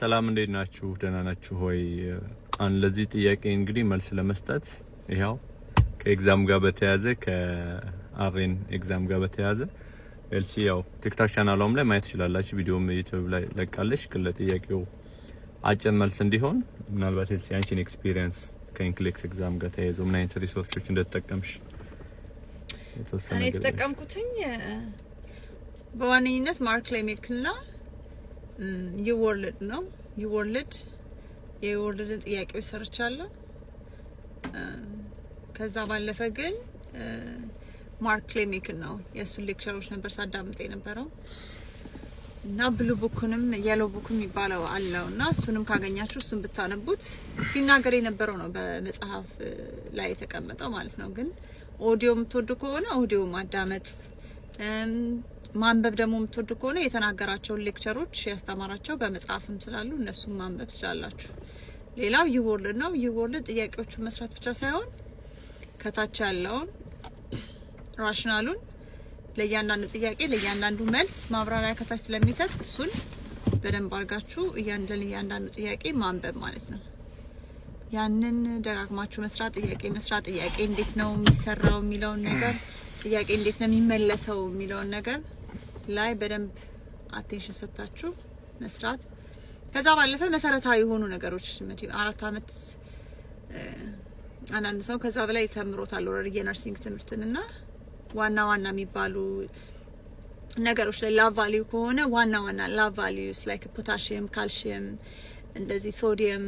ሰላም እንዴት ናችሁ? ደህና ናችሁ ሆይ? ለዚህ ጥያቄ እንግዲህ መልስ ለመስጠት ይኸው ከኤግዛም ጋር በተያያዘ ከአሬን ኤግዛም ጋር በተያያዘ ኤልሲ ያው ቲክታክ ቻናሏም ላይ ማየት ትችላላችሁ። ቪዲዮም ዩቲዩብ ላይ ለቃለች። ግን ለጥያቄው አጭር መልስ እንዲሆን ምናልባት ኤልሲ አንቺን ኤክስፒሪየንስ ከኢንክሌክስ ኤግዛም ጋር ተያይዞ ምን አይነት ሪሶርቾች እንደተጠቀምሽ የተወሰነ ነገር እኔ የተጠቀምኩትኝ በዋነኝነት ማርክ ሌሜክና ይወልድ ነው ዩወርልድ የወርልድን ጥያቄዎች ሰርቻለሁ። ከዛ ባለፈ ግን ማርክ ክሌሜክ ነው የእሱን ሌክቸሮች ነበር ሳዳምጥ የነበረው እና ብሉ ቡክንም የሎ ቡክም የሚባለው አለው እና እሱንም ካገኛችሁ እሱን ብታነቡት ሲናገር የነበረው ነው በመጽሐፍ ላይ የተቀመጠው ማለት ነው። ግን ኦዲዮ የምትወዱ ከሆነ ኦዲዮ ማዳመጥ ማንበብ ደግሞ የምትወዱ ከሆነ የተናገራቸውን ሌክቸሮች ያስተማራቸው በመጽሐፍም ስላሉ እነሱም ማንበብ ስላላችሁ፣ ሌላው ይወል ነው። ይወል ጥያቄዎቹን መስራት ብቻ ሳይሆን ከታች ያለውን ራሽናሉን ለእያንዳንዱ ጥያቄ ለእያንዳንዱ መልስ ማብራሪያ ከታች ስለሚሰጥ እሱን በደንብ አድርጋችሁ ለእያንዳንዱ ጥያቄ ማንበብ ማለት ነው። ያንን ደጋግማችሁ መስራት ጥያቄ መስራት ጥያቄ እንዴት ነው የሚሰራው የሚለውን ነገር ጥያቄ እንዴት ነው የሚመለሰው የሚለውን ነገር ላይ በደንብ አቴንሽን ሰጥታችሁ መስራት። ከዛ ባለፈ መሰረታዊ የሆኑ ነገሮች አራት አመት አንዳንድ ሰው ከዛ በላይ ተምሮታል ኦልሬዲ የነርሲንግ ትምህርትን ዋና ዋና የሚባሉ ነገሮች ላይ ላቭ ቫሊዩ ከሆነ ዋና ዋና ላቭ ቫሊዩስ ላይክ ፖታሽየም፣ ካልሽየም እንደዚህ ሶዲየም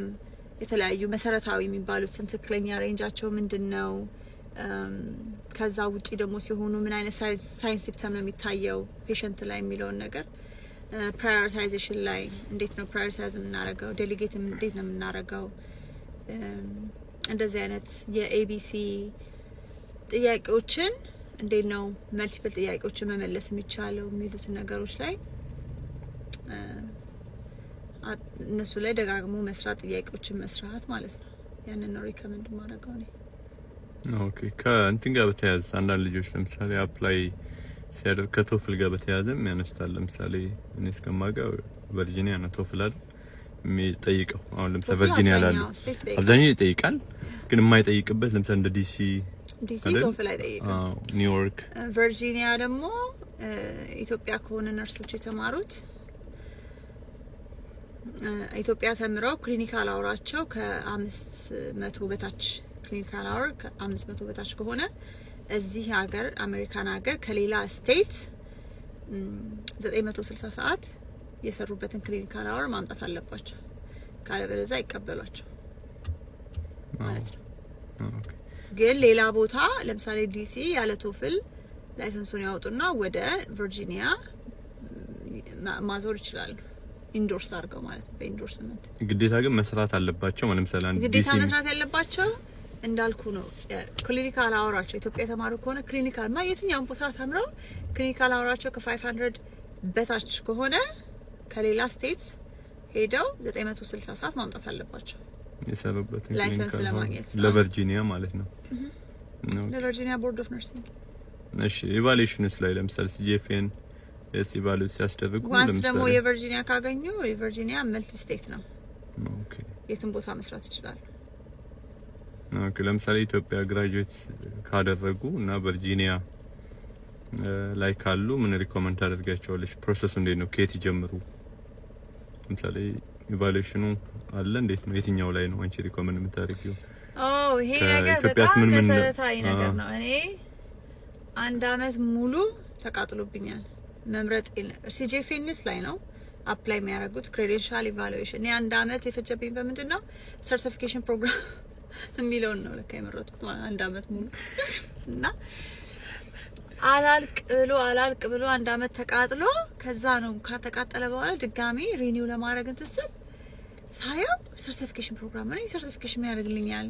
የተለያዩ መሰረታዊ የሚባሉትን ትክክለኛ ሬንጃቸው ምንድን ነው? ከዛ ውጪ ደግሞ ሲሆኑ ምን አይነት ሳይንስ ሲምፕተም ነው የሚታየው ፔሸንት ላይ የሚለውን ነገር ፕራዮሪታይዜሽን ላይ እንዴት ነው ፕራዮሪታይዝ የምናደርገው፣ ዴሊጌት እንዴት ነው የምናደርገው፣ እንደዚህ አይነት የኤቢሲ ጥያቄዎችን እንዴት ነው መልቲፕል ጥያቄዎችን መመለስ የሚቻለው የሚሉትን ነገሮች ላይ እነሱ ላይ ደጋግሞ መስራት ጥያቄዎችን መስራት ማለት ነው። ያንን ነው ሪከመንድ ማድረገው እኔ። ኦኬ ከእንትን ጋር በተያያዘ አንዳንድ ልጆች ለምሳሌ አፕላይ ሲያደርግ ከቶፍል ጋር በተያያዘ ያነስታል። ለምሳሌ እኔ እስከማውቀው ቨርጂኒያ ነው ቶፍል አይደል የሚጠይቀው። አሁን ለምሳሌ ቨርጂኒያ ላሉ አብዛኛው ይጠይቃል፣ ግን የማይጠይቅበት ለምሳሌ እንደ ዲሲ ዲሲ ቶፍል አይጠይቅም። ኒውዮርክ፣ ቨርጂኒያ ደግሞ ኢትዮጵያ ከሆነ ነርሶች የተማሩት ኢትዮጵያ ተምረው ክሊኒካል አውራቸው ከአምስት መቶ በታች ክሊኒካል አወር ከአምስት መቶ በታች ከሆነ እዚህ ሀገር አሜሪካን ሀገር ከሌላ ስቴት ስልሳ ሰዓት የሰሩበትን ክሊኒካል አወር ማምጣት አለባቸው። ካለበለዛ ይቀበሏቸው ማለት ነው። ግን ሌላ ቦታ ለምሳሌ ዲሲ ያለ ቶፍል ላይሰንሱን ያወጡና ወደ ቨርጂኒያ ማዞር ይችላሉ። ኢንዶርስ አድርገው ማለት ነው። በኢንዶርስመንት ግዴታ ግን መስራት አለባቸው። ለምሳሌ ግዴታ መስራት ያለባቸው እንዳልኩ ነው። ክሊኒካል አወራቸው ኢትዮጵያ የተማሩ ከሆነ ክሊኒካል ማ የትኛውን ቦታ ተምረው ክሊኒካል አወራቸው ከ500 በታች ከሆነ ከሌላ ስቴት ሄደው 960 ሰዓት ማምጣት አለባቸው የሰሩበት ላይሰንስ ለማግኘት ለቨርጂኒያ ማለት ነው። ለቨርጂኒያ ቦርድ ኦፍ ነርሲንግ። እሺ ኢቫሉዌሽንስ ላይ ለምሳሌ ሲጂኤፍኤን ኤስ ኢቫሉዌት ሲያስደርጉ ለምሳሌ ደግሞ የቨርጂኒያ ካገኙ የቨርጂኒያ መልቲ ስቴት ነው። ኦኬ የትም ቦታ መስራት ይችላሉ። ለምሳሌ ኢትዮጵያ ግራጁዌት ካደረጉ እና ቨርጂኒያ ላይ ካሉ ምን ሪኮመንድ ታደርጋቸዋለች? ፕሮሰሱ እንዴት ነው? ከየት ይጀምሩ? ለምሳሌ ኢቫሉዌሽኑ አለ እንዴት ነው? የትኛው ላይ ነው አንቺ ሪኮመንድ የምታደርጊው? ይሄ ነገር በጣም መሰረታዊ ነገር ነው። እኔ አንድ አመት ሙሉ ተቃጥሎብኛል። መምረጥ ሲጂፊንስ ላይ ነው አፕላይ የሚያደርጉት ክሬዴንሻል ኢቫሉዌሽን። እኔ አንድ አመት የፈጀብኝ በምንድን ነው ሰርቲፊኬሽን ፕሮግራም የሚለውን ነው ለካ የመረጥኩት አንድ አመት ሙሉ እና አላልቅ ብሎ አላልቅ ብሎ አንድ አመት ተቃጥሎ ከዛ ነው ካተቃጠለ በኋላ ድጋሚ ሪኒው ለማድረግ እንትን ስል ሳየው ሰርቲፊኬሽን ፕሮግራም ነው ሰርቲፊኬሽን ያደርግልኛል።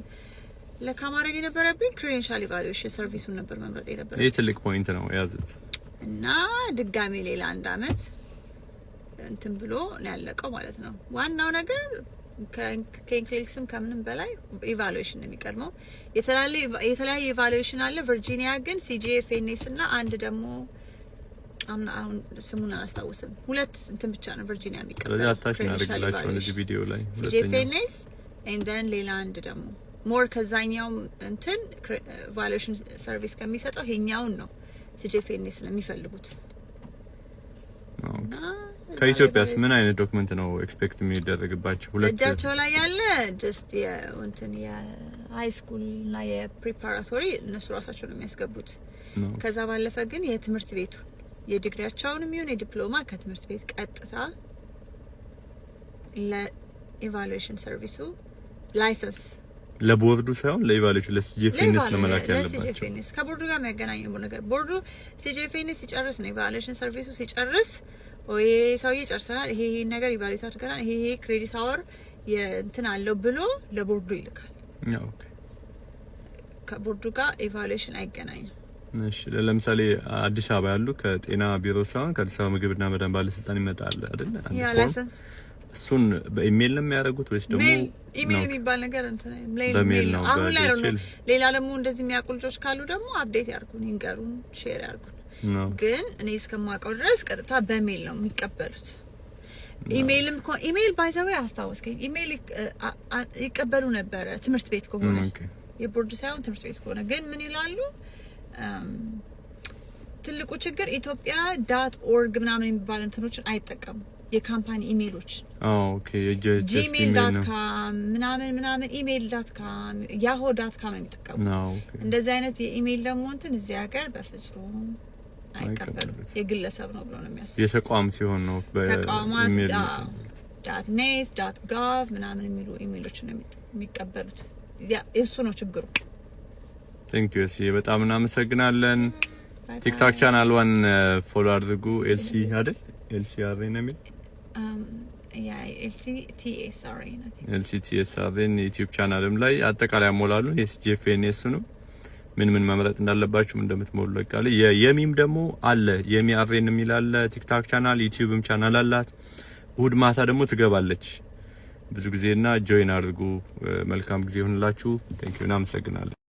ለካ ማድረግ የነበረብኝ ክሬደንሻል ኢቫሉዌሽን ሰርቪሱን ነበር መምረጥ የነበረ። ይህ ትልቅ ፖይንት ነው የያዙት እና ድጋሚ ሌላ አንድ አመት እንትን ብሎ ነው ያለቀው ማለት ነው። ዋናው ነገር ከኢንክሊክስም ከምንም በላይ ኢቫሉዌሽን ነው የሚቀድመው። የተለያየ ኢቫሉዌሽን አለ። ቨርጂኒያ ግን ሲጂኤ ፌኔስ እና አንድ ደግሞ አምና አሁን ስሙን አላስታውስም። ሁለት እንትን ብቻ ነው ቨርጂኒያ የሚቀበለው። ሲጂኤ ፌኔስ ኤንደን ሌላ አንድ ደግሞ ሞር ከዛኛው እንትን ኢቫሉዌሽን ሰርቪስ ከሚሰጠው ይሄኛውን ነው ሲጂኤ ፌኔስ ነው የሚፈልጉት። ከኢትዮጵያስ ምን አይነት ዶክመንት ነው ኤክስፔክት የሚደረግባቸው? ሁለት እጃቸው ላይ ያለ ጀስት የእንትን የሃይ ስኩል እና የፕሪፓራቶሪ እነሱ ራሳቸው ነው የሚያስገቡት። ከዛ ባለፈ ግን የትምህርት ቤቱ የዲግሪያቸውንም ይሁን የዲፕሎማ ከትምህርት ቤት ቀጥታ ለኢቫሉዌሽን ሰርቪሱ ላይሰንስ ለቦርዱ ሳይሆን ለኢቫሉዌሽን ለሲጂኤፍኤንኤስ ነው መላክ ያለባቸው። ከቦርዱ ጋር የሚያገናኘው ነገር ቦርዱ ሲጂኤፍኤንኤስ ሲጨርስ ነው ኢቫሉዌሽን ሰርቪሱ ሲጨርስ ይሄ ሰውዬ ጨርሰናል፣ ይሄ ይሄን ነገር ኢቫሉዌት አድርገናል፣ ይሄ ይሄ ክሬዲት አወር እንትን አለው ብሎ ለቦርዱ ይልካል። ከቦርዱ ጋር ኢቫሉዌሽን አይገናኝም። እሺ ለምሳሌ አዲስ አበባ ያሉ ከጤና ቢሮ ሳይሆን ከአዲስ አበባ ምግብና መድኃኒት ባለስልጣን ይመጣል አይደል? እሱን በኢሜል ነው የሚያደርጉት ወይስ ደግሞ ኢሜይል የሚባል ነገር እንትን ነው? አሁን ላይ ሌላ ደግሞ እንደዚህ የሚያውቁ ልጆች ካሉ ደግሞ አፕዴት ያርጉን፣ ይንገሩን፣ ሼር ያርጉን። ግን እኔ እስከማውቀው ድረስ ቀጥታ በሜል ነው የሚቀበሉት። ኢሜይልም ኢሜይል ባይዘው አስታወስከኝ። ኢሜይል ይቀበሉ ነበረ ትምህርት ቤት ከሆነ የቦርድ ሳይሆን ትምህርት ቤት ከሆነ ግን ምን ይላሉ? ትልቁ ችግር ኢትዮጵያ ዳት ኦርግ ምናምን የሚባል እንትኖችን አይጠቀሙ የካምፓኒ ኢሜሎች ጂሜል ዳት ካም ምናምን ምናምን ኢሜል ዳት ካም ያሆ ዳት ካም የሚጠቀሙት እንደዚህ አይነት የኢሜይል ደግሞ እንትን እዚህ ሀገር በፍጹም አይቀበሉት። የግለሰብ ነው ብሎ ነው የተቋም ሲሆን ነው ተቋማት ዳት ኔት ዳት ጋቭ ምናምን የሚሉ ኢሜሎች ነው የሚቀበሉት። እሱ ነው ችግሩ። ቴንክ ዩ ኤልሲ፣ በጣም እናመሰግናለን። ቲክታክ ፎሎ አድርጉ። ኤልሲ አይደል? ኤልሲ አቬን ነው የሚል ኤልሲ ቻናልም ላይ አጠቃላይ አሞላሉ ኤስጂኤፍኤን የሱንም ምን ምን መምረጥ እንዳለባችሁም እንደምትሞሉ ለቃለ የየሚም ደግሞ አለ የሚ አፍሬን የሚል አለ። ቲክታክ ቻናል ዩቲዩብም ቻናል አላት። እሁድ ማታ ደግሞ ትገባለች ብዙ ጊዜና ጆይን አድርጉ። መልካም ጊዜ ይሁንላችሁ። ቴንክ ዩ። እናመሰግናለን።